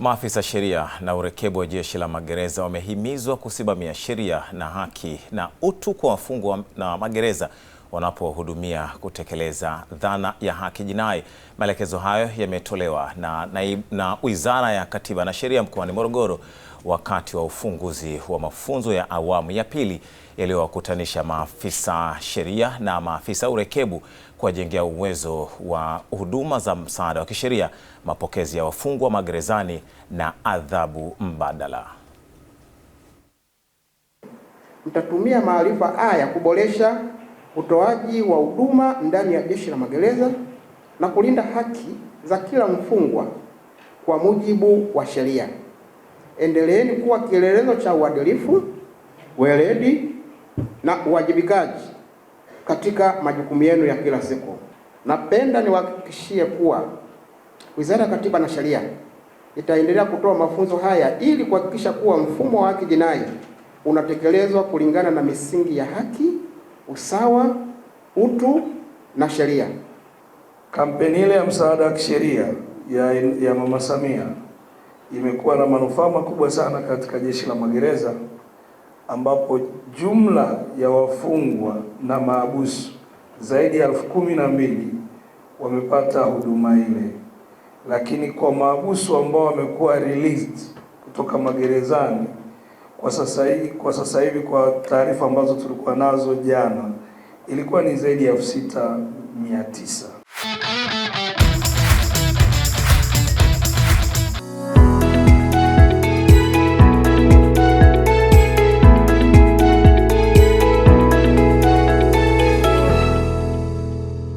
Maafisa sheria na urekebu wa jeshi la magereza wamehimizwa kusimamia sheria na haki na utu kwa wafungwa na magereza wanapohudumia kutekeleza dhana ya haki jinai. Maelekezo hayo yametolewa na, na, na Wizara ya Katiba na Sheria mkoani Morogoro wakati wa ufunguzi wa mafunzo ya awamu ya pili yaliyowakutanisha maafisa sheria na maafisa urekebu kuwajengea uwezo wa huduma za msaada wa kisheria, mapokezi ya wafungwa magerezani na adhabu mbadala. Mtatumia maarifa haya kuboresha utoaji wa huduma ndani ya Jeshi la Magereza na kulinda haki za kila mfungwa kwa mujibu wa sheria. Endeleeni kuwa kielelezo cha uadilifu, weledi na uwajibikaji katika majukumu yenu ya kila siku. Napenda niwahakikishie kuwa Wizara ya Katiba na Sheria itaendelea kutoa mafunzo haya ili kuhakikisha kuwa mfumo wa haki jinai unatekelezwa kulingana na misingi ya haki usawa, utu na sheria. Kampeni ile ya msaada wa kisheria ya, ya Mama Samia imekuwa na manufaa makubwa sana katika jeshi la magereza ambapo jumla ya wafungwa na maabusu zaidi ya elfu kumi na mbili wamepata huduma ile, lakini kwa maabusu ambao wamekuwa released kutoka magerezani kwa sasa hivi kwa sasa hivi kwa taarifa ambazo tulikuwa nazo jana ilikuwa ni zaidi ya elfu sita mia tisa.